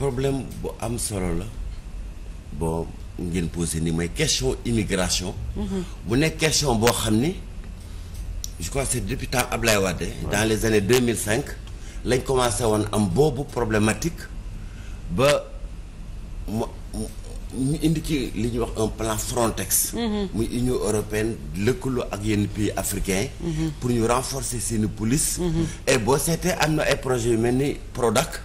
problème bu am solo la bon ngeen posé ni mooy question immigration. bu mhm. nekk question boo xam ni je crois c'est depuis temps Ablaye Wade. dans les années lañ commencé woon am boobu problématique ba mu ñu indi ci li ñuy wax un plan Frontex. Mhm. muy union européenne lëkkaloo ak yenn pays africains. Mhm. pour ñu renforcer seeni police. et boo seetee am na ay projets yu mel ni Prodac.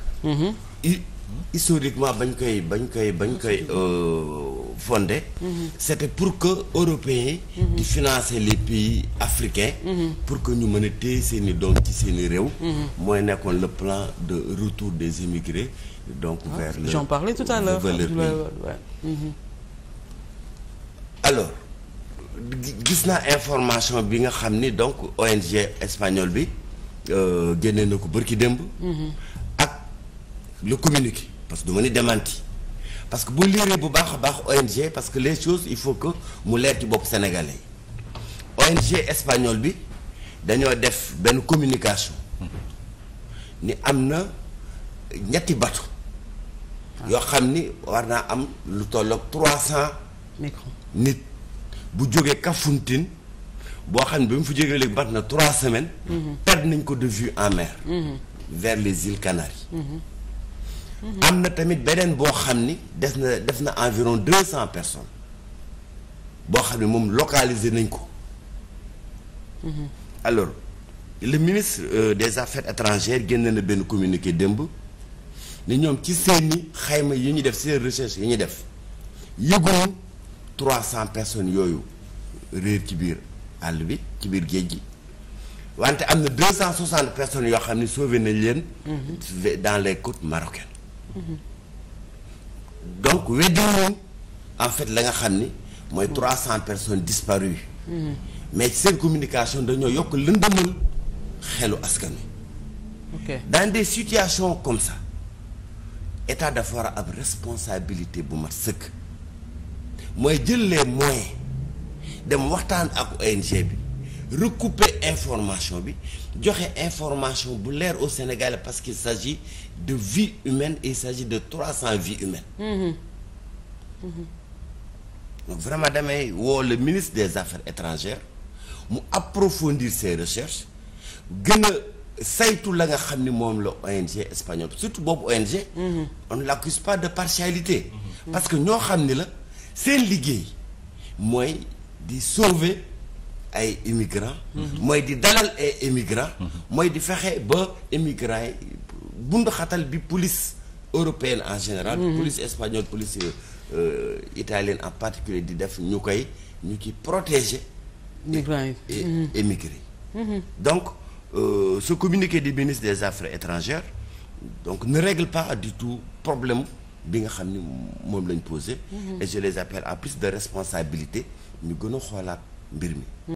historiquement bañ koy bañ koy bañ koy euh, fondé mhm. c'était pour que européens mhm. di financer les pays africains mhm. pour que ñu mën a téye seeni doom ci seeni réew mooy nekkoon le plan de retour des immigrés donc ah, vers le j'en parlais tout à l'heure vers leur gis naa information bi nga xam ni donc ONG espagnole bi euh, génne na ko bërki démb le communiqué parce que du ma ni démenti parce que boo liiree bu baax a baax ONG parce que les choses il faut que mu leer ci bopp sénégalais yi ONG espagnole bi dañoo def benn communication ni am na ñetti bato yoo xam ni war naa am lu tolloog trois cent nit bu jógee Kafountine boo xam ne bi mu fa jógee léegi mat na trois semaines mm-hmm. perdre nañ ko de vue en mer mm-hmm. vers les îles Canaries mm-hmm. am na tamit beneen boo xam ni des na def na environ deux cent personnes boo xam ne moom localiser nañ ko mm-hmm. alors le ministre euh, des affaires étrangères génn na benn communiqué démb ni ñoom ci seeni xayma yi ñu def seen recherche yi ñu def yëguñu trois cent personnes yooyu réer ci biir àll bi ci biir géej gi wante am na deux cent soixante personnes yoo xam ne sauvé nañ leen mm-hmm. dans les côtes marocaines donc weddiwuñu en fait la nga xam ni mooy trois cent personnes disparues mais ci seen communication dañoo yokk lëndëmal xelu askan wi dans des situations comme ça état dafa war a ab responsabilité bu mat sëkk mooy jël les moyens dem waxtaan ak ONG bi recouper information bi joxe information bu leer au Sénégal parce qu'il s'agit de vie humaines et il s'agit de trois cents vies humaines mm-hmm. Mm-hmm. vraiment damay woo le ministre des affaires étrangères mu approfondir ses recherches gën a saytu la nga xam ni moom la ONG espagnole surtout boobu ONG mmh. on ne l'accuse pas de partialité mm-hmm. parce que ñoo xam ni la seen liggéey mooy di sauver ay immigrants. mooy di dalal ay immigrants. mooy di fexe ba immigrants yi bundu bi police européenne en général. Mhm. police espagnole police euh, italienne en particulier di def ñu koy ñu ci protéger. migrants yi mhm. mhm. donc euh, ce communiqué du ministre des affaires étrangères donc ne règle pas du tout problème bi nga xam ni moom lañ posé. et je les appelle à plus de responsabilité ñu gën a xoolaat mbir mi.